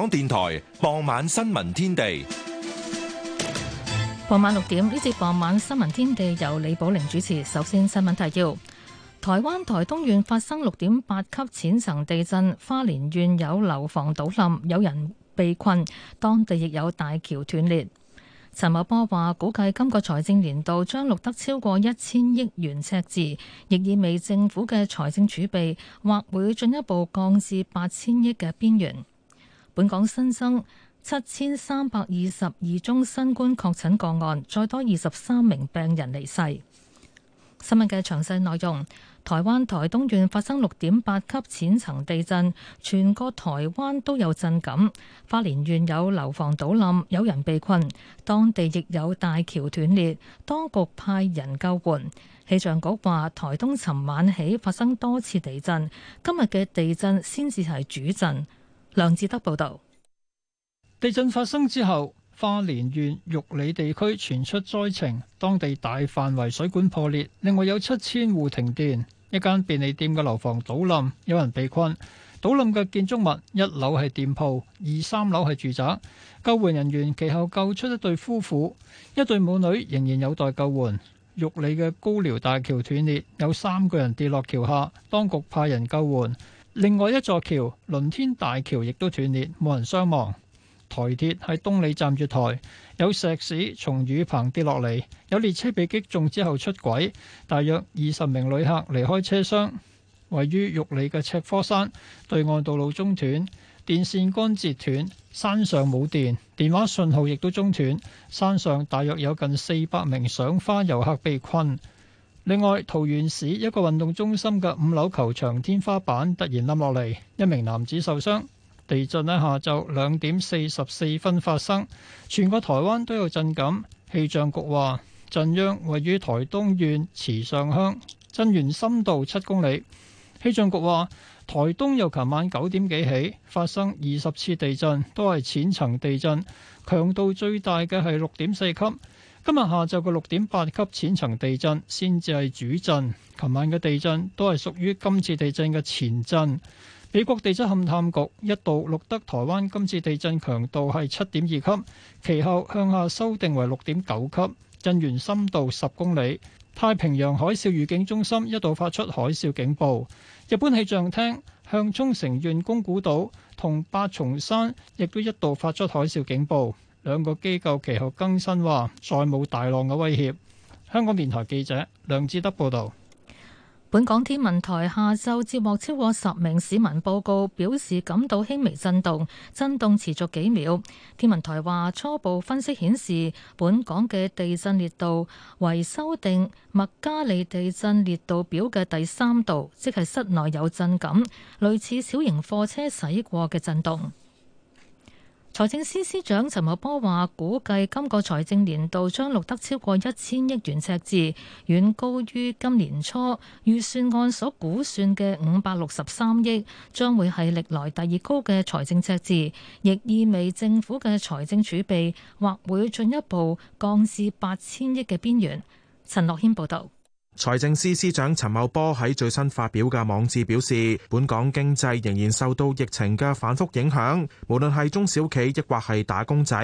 港電台傍晚新聞天地，傍晚六點呢節傍晚新聞天地由李寶玲主持。首先，新聞提要：台灣台東縣發生六點八級淺層地震，花蓮縣有樓房倒冧，有人被困，當地亦有大橋斷裂。陳茂波話，估計今個財政年度將錄得超過一千億元赤字，亦意味政府嘅財政儲備或會進一步降至八千億嘅邊緣。本港新增七千三百二十二宗新冠確診個案，再多二十三名病人離世。新聞嘅詳細內容：台灣台東縣發生六點八級淺層地震，全個台灣都有震感。花蓮縣有樓房倒冧，有人被困，當地亦有大橋斷裂，當局派人救援。氣象局話，台東尋晚起發生多次地震，今日嘅地震先至係主震。梁志德報道：地震發生之後，花蓮縣玉里地區傳出災情，當地大範圍水管破裂，另外有七千戶停電，一間便利店嘅樓房倒冧，有人被困。倒冧嘅建築物一樓係店鋪，二三樓係住宅。救援人員其後救出一對夫婦，一對母女仍然有待救援。玉里嘅高寮大橋斷裂，有三個人跌落橋下，當局派人救援。另外一座橋，倫天大橋亦都斷裂，冇人傷亡。台鐵喺東里站月台，有石屎從雨棚跌落嚟，有列車被擊中之後出軌，大約二十名旅客離開車廂。位於玉里嘅赤科山對岸道路中斷，電線杆折斷，山上冇電，電話信號亦都中斷，山上大約有近四百名賞花遊客被困。另外，桃園市一個運動中心嘅五樓球場天花板突然冧落嚟，一名男子受傷。地震喺下晝兩點四十四分發生，全個台灣都有震感。氣象局話，震央位於台東縣池上鄉，震源深度七公里。氣象局話，台東由琴晚九點幾起發生二十次地震，都係淺層地震，強度最大嘅係六點四級。今日下晝嘅六點八級淺層地震先至係主震，琴晚嘅地震都係屬於今次地震嘅前震。美國地質勘探局一度錄得台灣今次地震強度係七點二級，其後向下修訂為六點九級，震源深度十公里。太平洋海嘯預警中心一度發出海嘯警報，日本氣象廳向沖繩縣宮古島同八重山亦都一度發出海嘯警報。兩個機構其後更新話，再冇大浪嘅威脅。香港電台記者梁志德報道，本港天文台下晝接獲超過十名市民報告，表示感到輕微震動，震動持續幾秒。天文台話，初步分析顯示，本港嘅地震烈度為修訂麥加利地震烈度表嘅第三度，即係室內有震感，類似小型貨車駛過嘅震動。財政司司長陳茂波話，估計今個財政年度將錄得超過一千億元赤字，遠高於今年初預算案所估算嘅五百六十三億，將會係歷來第二高嘅財政赤字，亦意味政府嘅財政儲備或會進一步降至八千億嘅邊緣。陳樂軒報導。財政司司長陳茂波喺最新發表嘅網誌表示，本港經濟仍然受到疫情嘅反覆影響，無論係中小企，亦或係打工仔，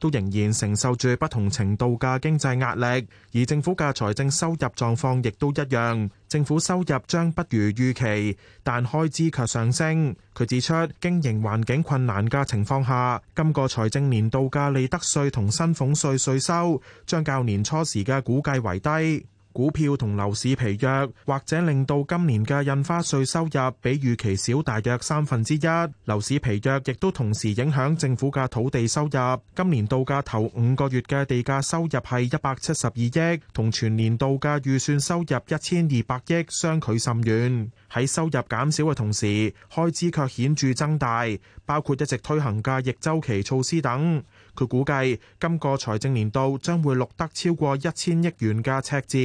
都仍然承受住不同程度嘅經濟壓力。而政府嘅財政收入狀況亦都一樣，政府收入將不如預期，但開支卻上升。佢指出，經營環境困難嘅情況下，今個財政年度嘅利得稅同薪俸稅稅收將較年初時嘅估計為低。股票同樓市疲弱，或者令到今年嘅印花稅收入比預期少大約三分之一。樓市疲弱亦都同時影響政府嘅土地收入。今年度嘅頭五個月嘅地價收入係一百七十二億，同全年度嘅預算收入一千二百億相距甚遠。喺收入減少嘅同時，開支卻顯著增大，包括一直推行嘅逆週期措施等。佢估計今個財政年度將會錄得超過一千億元嘅赤字，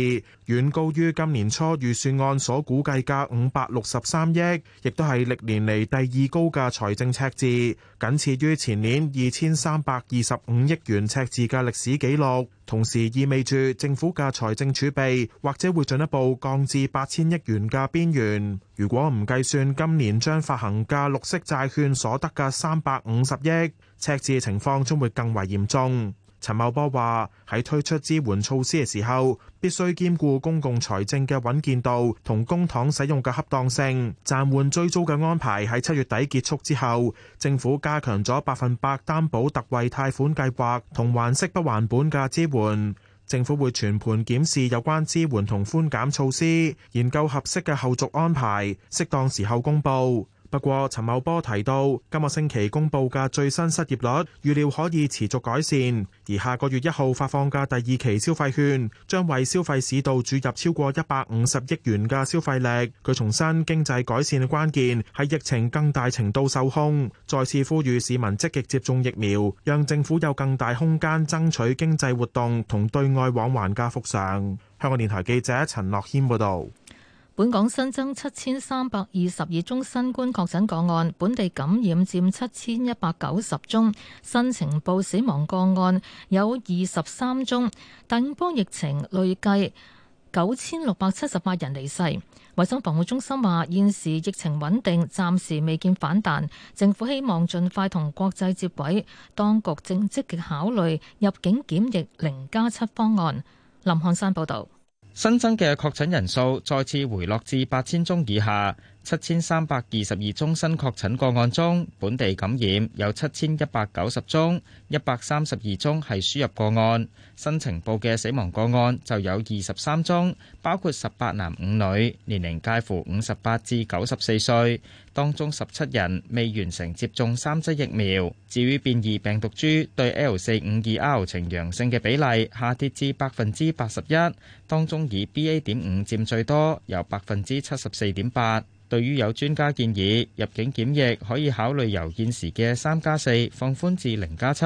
遠高於今年初預算案所估計嘅五百六十三億，亦都係歷年嚟第二高嘅財政赤字，僅次於前年二千三百二十五億元赤字嘅歷史紀錄。同時意味住政府嘅財政儲備或者會進一步降至八千億元嘅邊緣。如果唔計算今年將發行嘅綠色債券所得嘅三百五十億，赤字嘅情況將會更為嚴重。陳茂波話：喺推出支援措施嘅時候，必須兼顧公共財政嘅穩健度同公帑使用嘅恰當性。暫緩追租嘅安排喺七月底結束之後，政府加強咗百分百擔保特惠貸款計劃同還息不還本嘅支援。政府會全盤檢視有關支援同寬減措施，研究合適嘅後續安排，適當時候公佈。不過，陳茂波提到，今個星期公佈嘅最新失業率預料可以持續改善，而下個月一號發放嘅第二期消費券將為消費市道注入超過一百五十億元嘅消費力。佢重申經濟改善嘅關鍵係疫情更大程度受控，再次呼籲市民積極接種疫苗，讓政府有更大空間爭取經濟活動同對外往還嘅復常。香港電台記者陳樂軒報導。本港新增七千三百二十二宗新冠確診個案，本地感染佔七千一百九十宗，新呈報死亡個案有二十三宗。第五波疫情累計九千六百七十八人離世。衛生防護中心話，現時疫情穩定，暫時未見反彈。政府希望盡快同國際接軌，當局正積極考慮入境檢疫零加七方案。林漢山報道。新增嘅確診人數再次回落至八千宗以下。七千三百二十二宗新確診個案中，本地感染有七千一百九十宗，一百三十二宗係輸入個案。新呈報嘅死亡個案就有二十三宗，包括十八男五女，年齡介乎五十八至九十四歲。當中十七人未完成接種三劑疫苗。至於變異病毒株對 L 四五二 R 呈陽性嘅比例下跌至百分之八十一，當中以 BA 點五佔最多有，由百分之七十四點八。對於有專家建議入境檢疫可以考慮由現時嘅三加四放寬至零加七。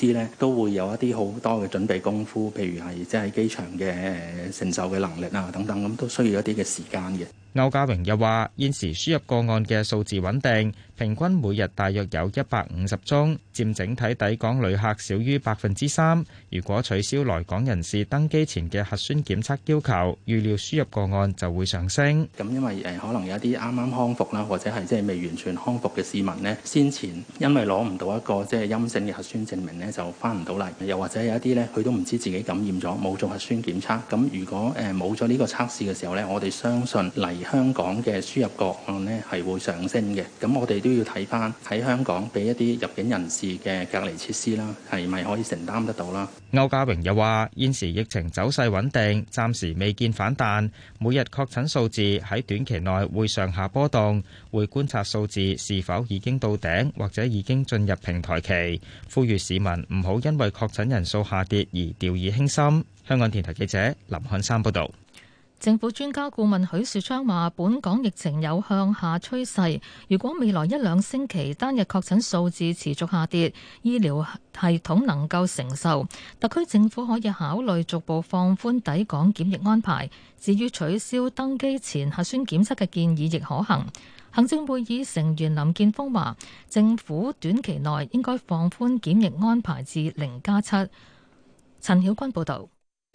啲咧都會有一啲好多嘅準備功夫，譬如係即係機場嘅承受嘅能力啊等等，咁都需要一啲嘅時間嘅。歐家榮又話：現時輸入個案嘅數字穩定，平均每日大約有一百五十宗，佔整體抵港旅客少於百分之三。如果取消來港人士登機前嘅核酸檢測要求，預料輸入個案就會上升。咁因為誒可能有一啲啱啱康復啦，或者係即係未完全康復嘅市民呢，先前因為攞唔到一個即係陰性嘅核酸證明呢。就翻唔到嚟，又或者有一啲咧，佢都唔知自己感染咗，冇做核酸檢測。咁如果誒冇咗呢個測試嘅時候咧，我哋相信嚟香港嘅輸入個案咧係會上升嘅。咁我哋都要睇翻喺香港俾一啲入境人士嘅隔離設施啦，係咪可以承擔得到啦？歐家榮又話：現時疫情走勢穩定，暫時未見反彈，每日確診數字喺短期內會上下波動，會觀察數字是否已經到頂或者已經進入平台期。呼籲市民唔好因為確診人數下跌而掉以輕心。香港電台記者林漢山報道。政府專家顧問許樹昌話：本港疫情有向下趨勢，如果未來一兩星期單日確診數字持續下跌，醫療系統能夠承受，特區政府可以考慮逐步放寬抵港檢疫安排。至於取消登機前核酸檢測嘅建議，亦可行。行政會議成員林建峰話：政府短期內應該放寬檢疫安排至零加七。陳曉君報導。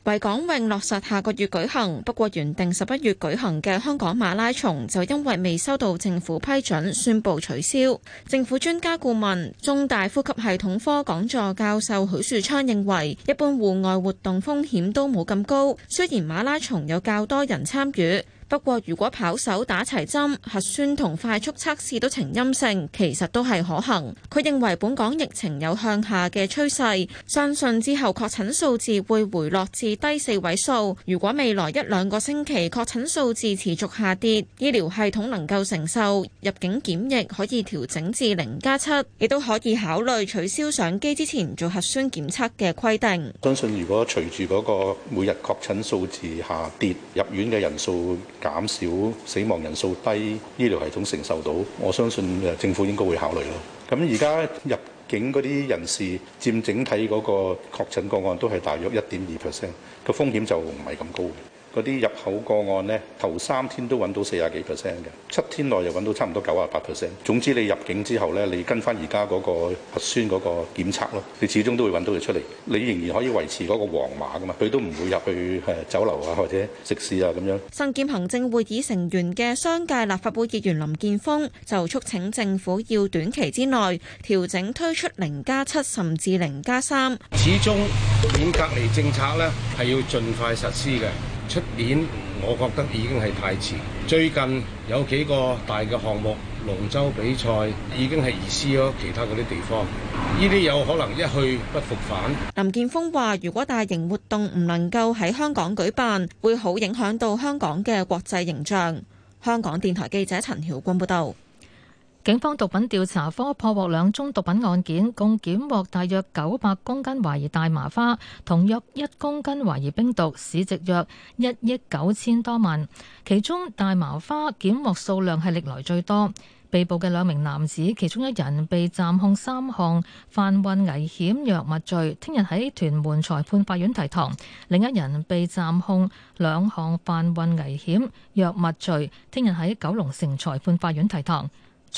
維港泳落實下個月舉行，不過原定十一月舉行嘅香港馬拉松就因為未收到政府批准，宣布取消。政府專家顧問、中大呼吸系統科講座教授許樹昌認為，一般戶外活動風險都冇咁高，雖然馬拉松有較多人參與。不過，如果跑手打齊針、核酸同快速測試都呈陰性，其實都係可行。佢認為本港疫情有向下嘅趨勢，相信之後確診數字會回落至低四位數。如果未來一兩個星期確診數字持續下跌，醫療系統能夠承受，入境檢疫可以調整至零加七，亦都可以考慮取消上機之前做核酸檢測嘅規定。相信如果隨住嗰個每日確診數字下跌，入院嘅人數減少，死亡人數低，醫療系統承受到，我相信誒政府應該會考慮咯。咁而家入境嗰啲人士佔整體嗰個確診個案都係大約一點二 percent，個風險就唔係咁高。嗰啲入口個案呢，頭三天都揾到四十幾 percent 嘅，七天內又揾到差唔多九啊八 percent。總之你入境之後呢，你跟翻而家嗰個核酸嗰個檢測咯，你始終都會揾到佢出嚟。你仍然可以維持嗰個黃碼噶嘛，佢都唔會入去誒酒樓啊，或者食肆啊咁樣。身兼行政會議成員嘅商界立法會議員林建峰就促請政府要短期之內調整推出零加七，7, 甚至零加三。始終免隔離政策呢，係要盡快實施嘅。出年我覺得已經係太遲。最近有幾個大嘅項目，龍舟比賽已經係移師咗，其他嗰啲地方，呢啲有可能一去不復返。林健鋒話，如果大型活動唔能夠喺香港舉辦，會好影響到香港嘅國際形象。香港電台記者陳曉君報導。警方毒品調查科破獲兩宗毒品案件，共檢獲大約九百公斤懷疑大麻花，同約一公斤懷疑冰毒，市值約一億九千多萬。其中大麻花檢獲數量係歷來最多。被捕嘅兩名男子，其中一人被暫控三項販運危險藥物罪，聽日喺屯門裁判法院提堂；另一人被暫控兩項販運危險藥物罪，聽日喺九龍城裁判法院提堂。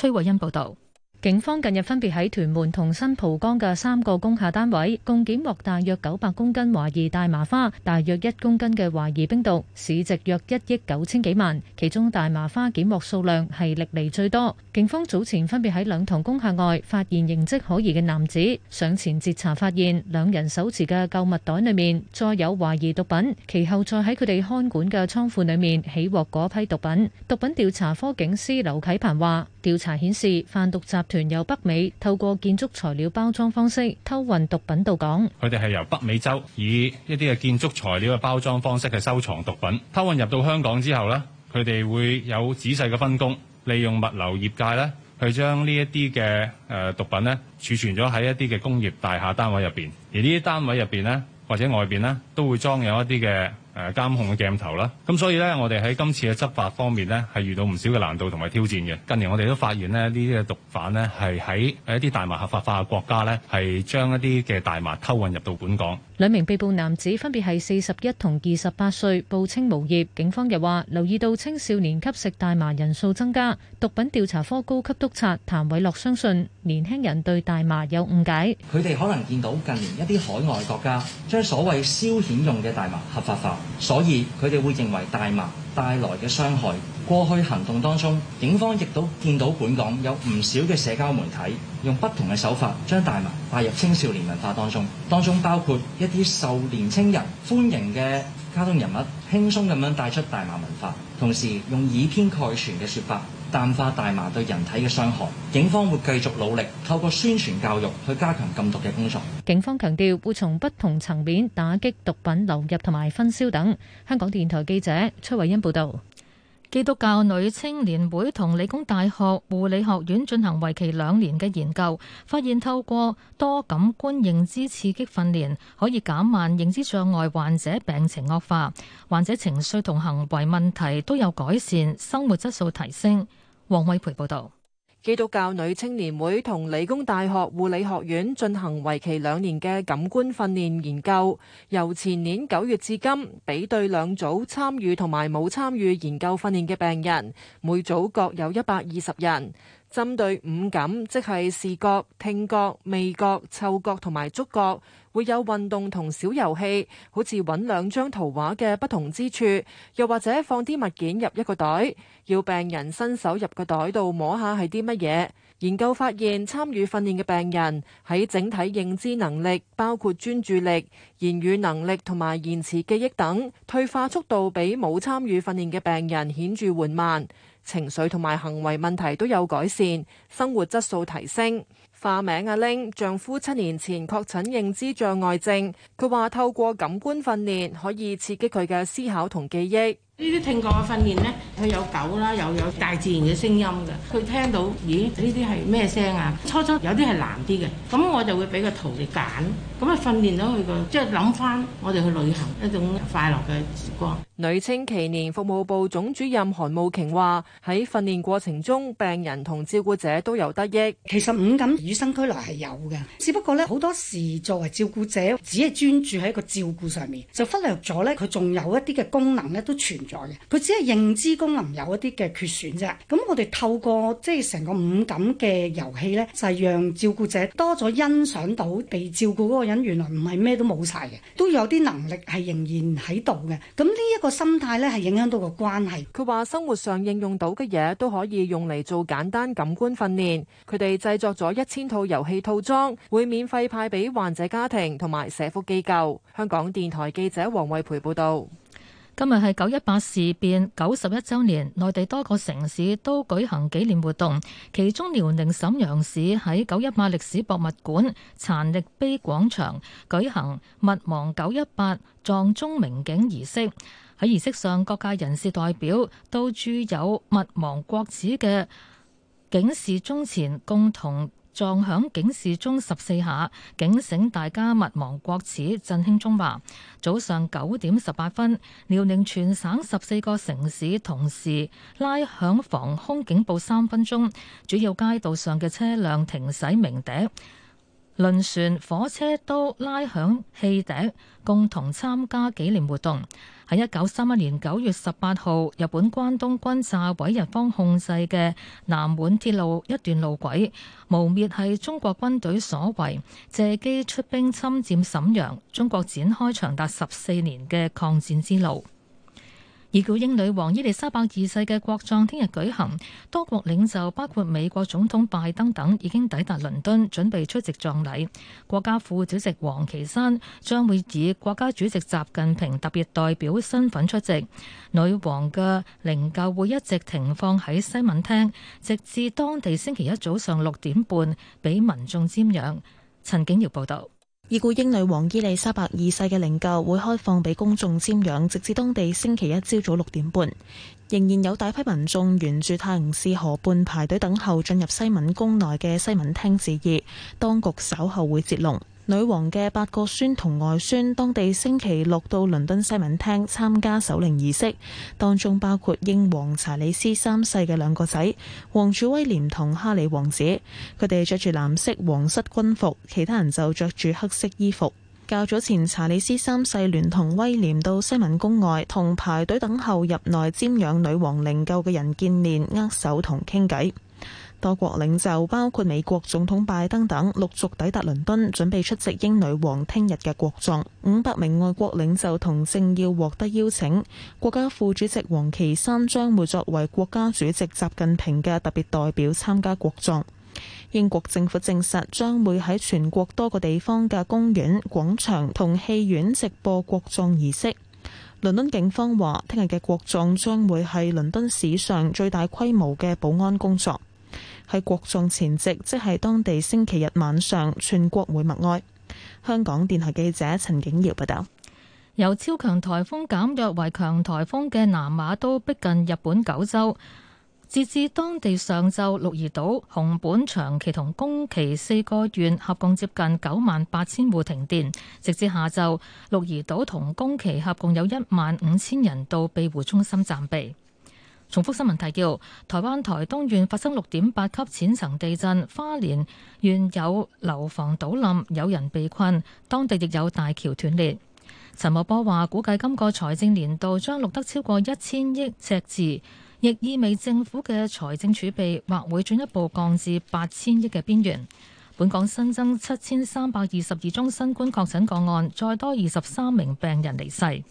崔慧欣報道，警方近日分別喺屯門同新蒲崗嘅三個工廈單位，共檢獲大約九百公斤懷疑大麻花，大約一公斤嘅懷疑冰毒，市值約一億九千幾萬。其中大麻花檢獲數量係歷嚟最多。警方早前分別喺兩幢工廈外發現形跡可疑嘅男子，上前截查，發現兩人手持嘅購物袋裏面再有懷疑毒品，其後再喺佢哋看管嘅倉庫裏面起獲嗰批毒品。毒品調查科警司劉啟鵬話。調查顯示，販毒集團由北美透過建築材料包裝方式偷運毒品到港。佢哋係由北美洲以一啲嘅建築材料嘅包裝方式去收藏毒品，偷運入到香港之後呢，佢哋會有仔細嘅分工，利用物流業界咧去將呢一啲嘅誒毒品呢儲存咗喺一啲嘅工業大廈單位入邊，而呢啲單位入邊呢，或者外邊呢，都會裝有一啲嘅。誒監控嘅鏡頭啦，咁、嗯、所以呢，我哋喺今次嘅執法方面呢，係遇到唔少嘅難度同埋挑戰嘅。近年我哋都發現咧，呢啲嘅毒販呢，係喺一啲大麻合法化嘅國家呢，係將一啲嘅大麻偷運入到本港。兩名被捕男子分別係四十一同二十八歲，報稱無業。警方又話留意到青少年吸食大麻人數增加。毒品調查科高級督察譚偉樂相信年輕人對大麻有誤解，佢哋可能見到近年一啲海外國家將所謂消遣用嘅大麻合法化。所以佢哋會認為大麻帶來嘅傷害。過去行動當中，警方亦都見到本港有唔少嘅社交媒體用不同嘅手法，將大麻帶入青少年文化當中，當中包括一啲受年青人歡迎嘅卡通人物，輕鬆咁樣帶出大麻文化，同時用以偏概全嘅說法。淡化大麻對人體嘅傷害，警方會繼續努力，透過宣傳教育去加強禁毒嘅工作。警方強調會從不同層面打擊毒品流入同埋分銷等。香港電台記者崔偉欣報道。基督教女青年會同理工大學護理學院進行為期兩年嘅研究，發現透過多感官認知刺激訓練，可以減慢認知障礙患者病情惡化，患者情緒同行為問題都有改善，生活質素提升。黃偉培報道。基督教女青年會同理工大學護理學院進行為期兩年嘅感官訓練研究，由前年九月至今，比對兩組參與同埋冇參與研究訓練嘅病人，每組各有一百二十人，針對五感，即係視覺、聽覺、味覺、嗅覺同埋觸覺。會有運動同小遊戲，好似搵兩張圖畫嘅不同之處，又或者放啲物件入一個袋，要病人伸手入個袋度摸下係啲乜嘢。研究發現，參與訓練嘅病人喺整體認知能力，包括專注力、言語能力同埋延遲記憶等退化速度，比冇參與訓練嘅病人顯著緩慢。情緒同埋行為問題都有改善，生活質素提升。化名阿玲，丈夫七年前確診認知障礙症，佢話透過感官訓練可以刺激佢嘅思考同記憶。呢啲聽覺嘅訓練呢，佢有狗啦，又有，有大自然嘅聲音嘅，佢聽到，咦，呢啲係咩聲啊？初初有啲係難啲嘅，咁我就會俾個圖佢揀，咁啊訓練到佢個，即係諗翻我哋去旅行一種快樂嘅時光。女青耆年服務部總主任韓慕瓊話，喺訓練過程中，病人同照顧者都有得益。其實五感與生俱來係有嘅，只不過呢，好多時作為照顧者，只係專注喺個照顧上面，就忽略咗呢，佢仲有一啲嘅功能呢，都全佢只係認知功能有一啲嘅缺損啫。咁我哋透過即係成個五感嘅遊戲呢，就係讓照顧者多咗欣賞到被照顧嗰個人，原來唔係咩都冇晒嘅，都有啲能力係仍然喺度嘅。咁呢一個心態呢，係影響到個關係。佢話生活上應用到嘅嘢都可以用嚟做簡單感官訓練。佢哋製作咗一千套遊戲套裝，會免費派俾患者家庭同埋社福機構。香港電台記者黃惠培報導。今日係九一八事變九十一週年，內地多個城市都舉行紀念活動。其中，遼寧沈陽市喺九一八歷史博物館殘歷碑廣場舉行勿忘九一八藏中明景」儀式。喺儀式上，各界人士代表都駐有勿忘國史嘅警示鐘前共同。撞響警示鐘十四下，警醒大家勿忘國恥，振興中華。早上九點十八分，遼寧全省十四個城市同時拉響防空警報三分鐘，主要街道上嘅車輛停駛鳴笛。輪船、火車都拉響汽笛，共同參加紀念活動。喺一九三一年九月十八號，日本關東軍炸毀日方控制嘅南滿鐵路一段路軌，污蔑係中國軍隊所為，借機出兵侵佔瀋陽。中國展開長達十四年嘅抗戰之路。已故英女王伊利沙伯二世嘅國葬聽日舉行，多國領袖包括美國總統拜登等已經抵達倫敦，準備出席葬禮。國家副主席王岐山將會以國家主席習近平特別代表身份出席。女王嘅靈柩會一直停放喺西敏廳，直至當地星期一早上六點半俾民眾瞻仰。陳景瑤報道。已故英女王伊麗莎白二世嘅靈柩會開放俾公眾瞻仰，直至當地星期一朝早，早六點半。仍然有大批民眾沿住泰晤士河畔排隊等候進入西敏宮內嘅西敏廳致意，當局稍後會截龍。女王嘅八個孫同外孫當地星期六到倫敦西敏廳參加守靈儀式，當中包括英皇查理斯三世嘅兩個仔，王儲威廉同哈里王子。佢哋着住藍色皇室軍服，其他人就着住黑色衣服。較早前查理斯三世聯同威廉到西敏宮外同排隊等候入內瞻仰女王靈柩嘅人見面握手同傾偈。多國領袖，包括美國總統拜登等，陸續抵達倫敦，準備出席英女王聽日嘅國葬。五百名外國領袖同政要獲得邀請。國家副主席王岐山將會作為國家主席習近平嘅特別代表參加國葬。英國政府證實將會喺全國多個地方嘅公園、廣場同戲院直播國葬儀式。倫敦警方話，聽日嘅國葬將會係倫敦史上最大規模嘅保安工作。喺國葬前夕，即係當地星期日晚上，全國會默哀。香港電台記者陳景瑤報道，由超強颱風減弱為強颱風嘅南馬都逼近日本九州。截至當地上晝，鹿兒島、熊本、長崎同宮崎四個縣合共接近九萬八千戶停電。直至下晝，鹿兒島同宮崎合共有一萬五千人到庇護中心暫避。重複新聞提要：台灣台東縣發生六點八級淺層地震，花蓮縣有樓房倒冧，有人被困，當地亦有大橋斷裂。陳茂波話：估計今個財政年度將錄得超過一千億赤字，亦意味政府嘅財政儲備或會進一步降至八千億嘅邊緣。本港新增七千三百二十二宗新冠確診個案，再多二十三名病人離世。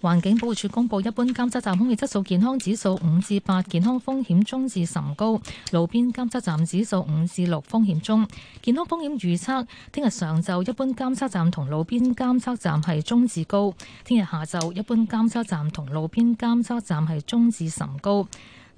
環境保護署公布一般監測站空氣質素健康指數五至八，健康風險中至甚高；路邊監測站指數五至六，風險中。健康風險預測：聽日上晝一般監測站同路邊監測站係中至高；聽日下晝一般監測站同路邊監測站係中至甚高。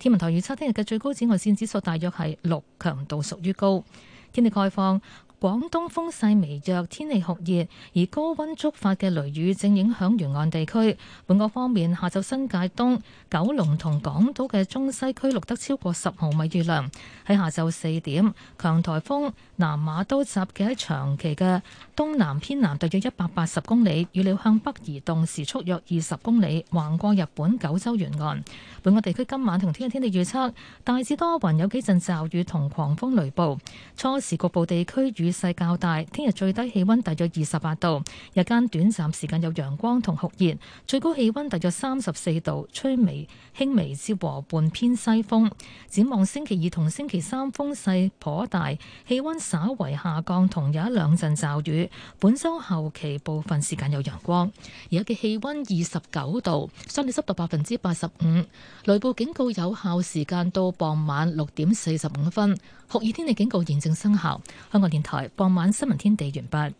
天文台預測聽日嘅最高紫外線指數大約係六，強度屬於高。天氣概況。廣東風勢微弱，天氣酷熱，而高溫觸發嘅雷雨正影響沿岸地區。本港方面，下晝新界東、九龍同港島嘅中西區錄得超過十毫米雨量。喺下晝四點，強颱風南馬都集結喺長期嘅東南偏南，大約一百八十公里，預料向北移動，時速約二十公里，橫過日本九州沿岸。本港地區今晚同聽日天氣預測大致多雲，有幾陣驟雨同狂風雷暴，初時局部地區雨勢較大，聽日最低氣溫大約二十八度，日間短暫時間有陽光同酷熱，最高氣溫大約三十四度，吹微輕微至和半偏西風。展望星期二同星期三風勢頗大，氣溫稍為下降，同有一兩陣驟雨。本周後期部分時間有陽光，而家嘅氣溫二十九度，相對濕度百分之八十五，雷暴警告有效時間到傍晚六點四十五分，酷熱天氣警告現正生效。香港電台。傍晚新聞天地完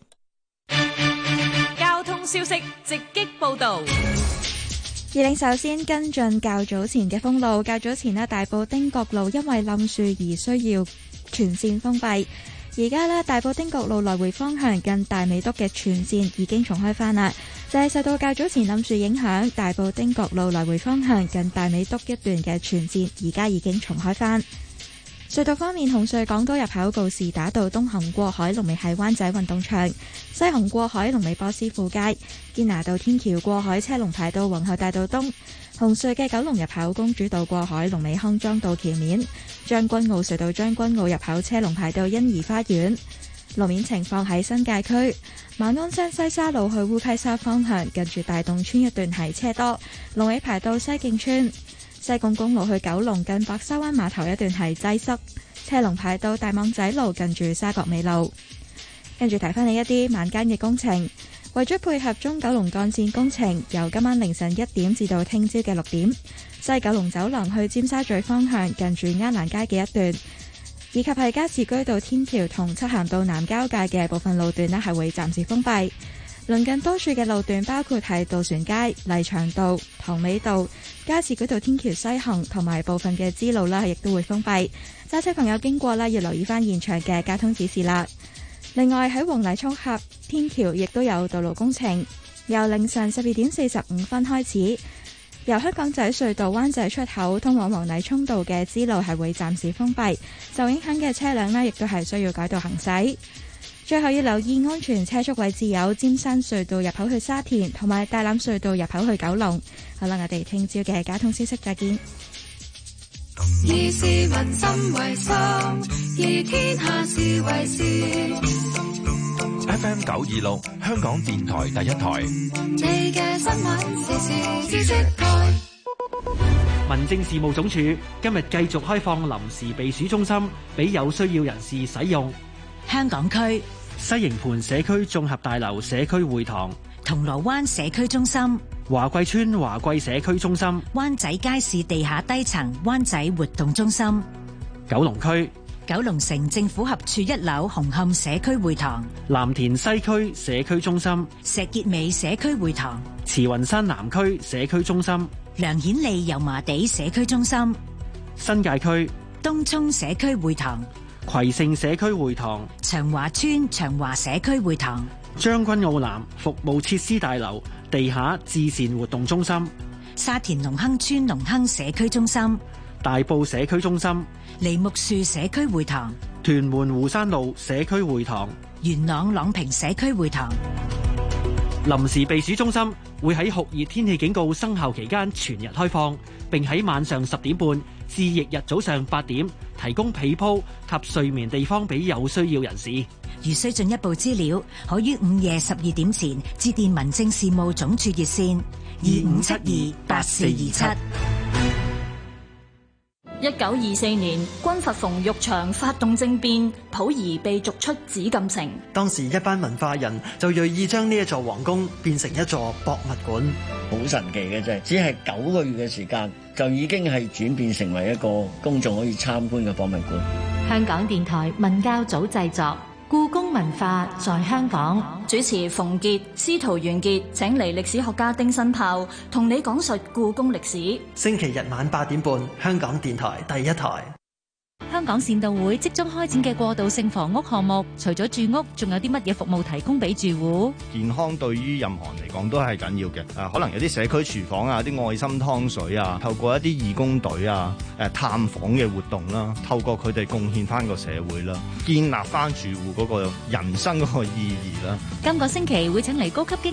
畢。交通消息直擊報道。二零首先跟進較早前嘅封路。較早前呢大埔汀角路因為冧樹而需要全線封閉。而家呢大埔汀角路來回方向近大美督嘅全線已經重開返啦。就係受到較早前冧樹影響，大埔汀角路來回方向近大,大,大美督一段嘅全線而家已經重開返。隧道方面，紅隧港島入口告士打道東行過海龍尾係灣仔運動場；西行過海龍尾波斯富街；堅拿道天橋過海車龍排到皇后大道東。紅隧嘅九龍入口公主道過海龍尾康莊道橋面。將軍澳隧道將軍澳入口車龍排到欣怡花園。路面情況喺新界區，馬鞍山西沙路去烏溪沙方向近住大洞村一段係車多，龍尾排到西徑村。西貢公路去九龍近白沙灣碼頭一段係擠塞，車龍排到大網仔路近住沙角尾路。跟住提翻你一啲晚間嘅工程，為咗配合中九龍幹線工程，由今晚凌晨一點至到聽朝嘅六點，西九龍走廊去尖沙咀方向近住鴉蘭街嘅一段，以及係加士居道天橋同漆咸道南交界嘅部分路段呢，係會暫時封閉。鄰近多處嘅路段包括係渡船街、連翔道、塘尾道、加士居道天橋西行，同埋部分嘅支路啦，亦都會封閉。揸車朋友經過啦，要留意翻現場嘅交通指示啦。另外喺黃泥涌峽天橋，亦都有道路工程，由凌晨十二點四十五分開始，由香港仔隧道灣仔出口通往黃泥涌道嘅支路係會暫時封閉，受影響嘅車輛呢，亦都係需要改道行駛。最後要留意安全車速，位置有尖山隧道入口去沙田，同埋大欖隧道入口去九龍。好啦，我哋聽朝嘅交通消息再見。以市民心為心，以天下事為先。FM 九二六，香港電台第一台。FM 九二六，香港電台第一台。民政事務總署今日繼續開放臨時避暑中心俾有需要人士使用。、香港區、西營盤社區綜合大樓社區會堂、銅鑼灣社區中心、華貴村華貴社區中心、灣仔街市地下低層灣仔活動中心、九龍區、九龍城政府合署一樓紅磡社區會堂、藍田西區社區中心、石硤尾社區會堂、慈雲山南區社區中心、梁顯利油麻地社區中心、新界區、東涌社區會堂葵盛社區會堂、長華村長華社區會堂、將軍澳南服務設施大樓地下慈善活動中心、沙田隆亨村隆亨社區中心、大埔社區中心、梨木樹社區會堂、屯門湖山路社區會堂、元朗朗平社區會堂、臨時避暑中心會喺酷熱天氣警告生效期間全日開放，並喺晚上十點半，至翌日早上八點，提供被鋪及睡眠地方俾有需要人士。如需進一步資料，可於午夜十二點前致電民政事務總署熱線二五七二八四二七。一九二四年，軍閥馮玉祥發動政變，溥儀被逐出紫禁城。當時一班文化人就銳意將呢一座皇宮變成一座博物館。好神奇嘅啫，只係九個月嘅時間就已經係轉變成為一個公眾可以參觀嘅博物館。香港電台文教組製作，故宮。文化在香港，主持馮傑、司徒元杰，請嚟歷史學家丁新豹，同你講述故宮歷史。星期日晚八點半，香港電台第一台。香港善道會即將開展嘅過渡性房屋項目，除咗住屋，仲有啲乜嘢服務提供俾住戶？健康對於任何人嚟講都係緊要嘅。誒、啊，可能有啲社區廚房啊，啲愛心湯水啊，透過一啲義工隊啊，誒探訪嘅活動啦、啊，透過佢哋貢獻翻個社會啦、啊，建立翻住戶嗰個人生嗰個意義啦。啊、今個星期會請嚟高級經